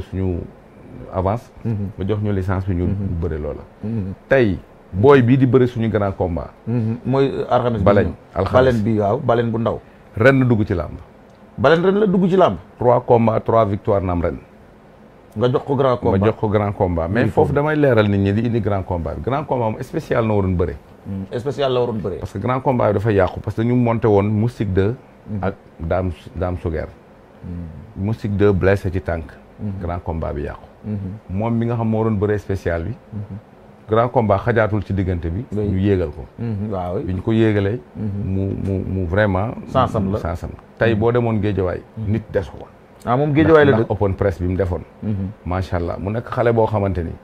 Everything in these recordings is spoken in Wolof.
suñu avance ba mhm. jox ñu licence bi ñu mhm. bëre loola mhm. tey booy bii di bëre suñu grand combat mooy euh, alxames balen, balen bi waaw bu ndaw ren dugu dugg ci làmb baleñ ren la dugg ci làmb trois combats trois victoire ren nga jox ko grand combat ma jox ko grand combat mais foofu damay leeral nit ñi di indi grand combat grand combat moom spécial na waroon bëre mm, spécial la waroon bëre parce que grand combat dafa yàqu parce que ñu monté woon moustique mm. ak mm. blessé ci Mm-hmm. grand combat bi yàqu mm-hmm. moom mi nga xam moo doon bëree spécial bi mm-hmm. grand combat xajaatul ci diggante bi ñu yéegal ko bi ñu ko yéegalee mu mu mu vraiment sansam la sansam tey boo demoon géejawaay nit des ko ah moom géejawaay la dëkk open press bi mu defoon macha allah mu nekk xale boo xamante ni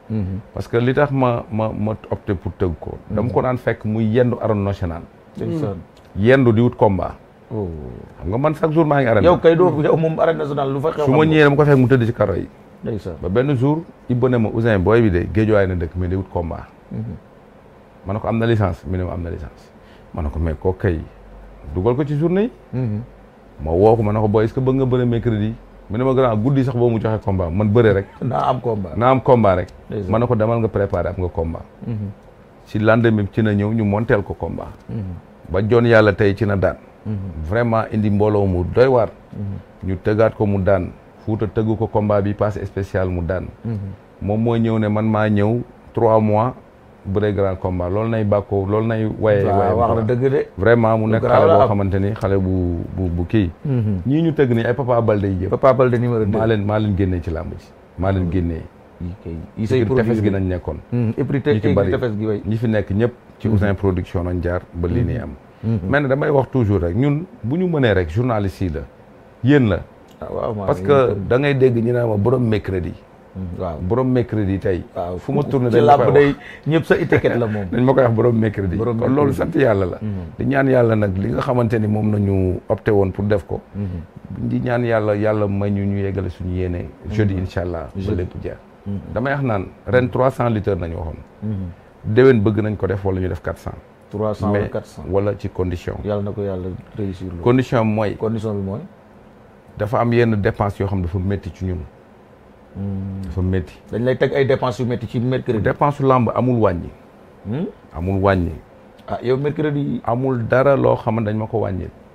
parce que li tax ma ma ma opté pour tëgg ko dama ko daan fekk muy yendu aron national yendu di wut combat Oh, xam nga man chaque jour maa ngi arène. yow kay doo yow moom arène nationale lu fa xew. su ma ñëwee dama ko fekk mu tëdd ci karo yi. ndeysaan ma na dëkk mais day wut combat. Mhm. am na licence mi ne na ko mais koo kay dugal ko ci journée yi. Mhm. woo ko ma ne ko booy est-ce que bëgg nga bëre mercredi. mu ne ma grand sax boo mu joxe combat man bëre rek. naa am combat naa am combat rek. ma ne ko demal nga préparé am nga combat. ci mhm. lendemain ci na ñëw ñu monteel ko combat. ba joon yàlla tey ci na daan. vraiment indi mbooloo mu doy waar. ñu tëggaat ko mu daan fuuta tëggu ko combat bi passé spécial mu daan. moom moo ñëw ne man maa ñëw trois mois. bëre grand combat lool nay bàkkoo loolu nay waye waye wax na dëgg de vraiment mu nekk xale boo xamante ni xale bu bu bu kii mhm. ñii ñu tëgg ni ay Papa Balde yi jëm Papa Balde numéro deux maa leen maa génnee ci làmb ji maa leen génnee yi nañ nekkoon mhm, ñi ci bari ñi fi nekk ñëpp ci mhm. Ousin production nañ jaar ba lii nii am Mhm. mais ne damay wax toujours rek ñun bu ñu mënee rek journaliste yi la yéen la. Ah, parce que da ngay dégg ñu ne ma borom mercredi. Mhm, waaw borom mercredi tey. fu ma tourné dañ ma day ñëpp sa étiquette la moom. dañ ma koy wax borom mercredi. kon loolu sant yàlla la. Mhm. ñaan yàlla nag li nga ni moom nañu opté woon pour def ko. di ñaan yàlla yàlla may ñu ñu yeggale suñu yéene. jeudi incha allah. ba lépp jeex. damay wax naan ren trois cent litres nañu waxoon. déwén bëgg nañ ko def wala ñu def quatre cent. trois cent wala quatre cent wala ci condition. yàlla ko yàlla réussir loolu. condition bi mooy. condition bi mooy. dafa am yenn dépense yoo xam ne dafa métti ci ñun. Hmm. dafa métti. dañ lay teg ay dépenses yu métti ci mercredi. dépense làmb amul wàññi. Hmm? amul wàññi. ah yow mercredi. amul dara loo xam ne dañ ma ko wàññil.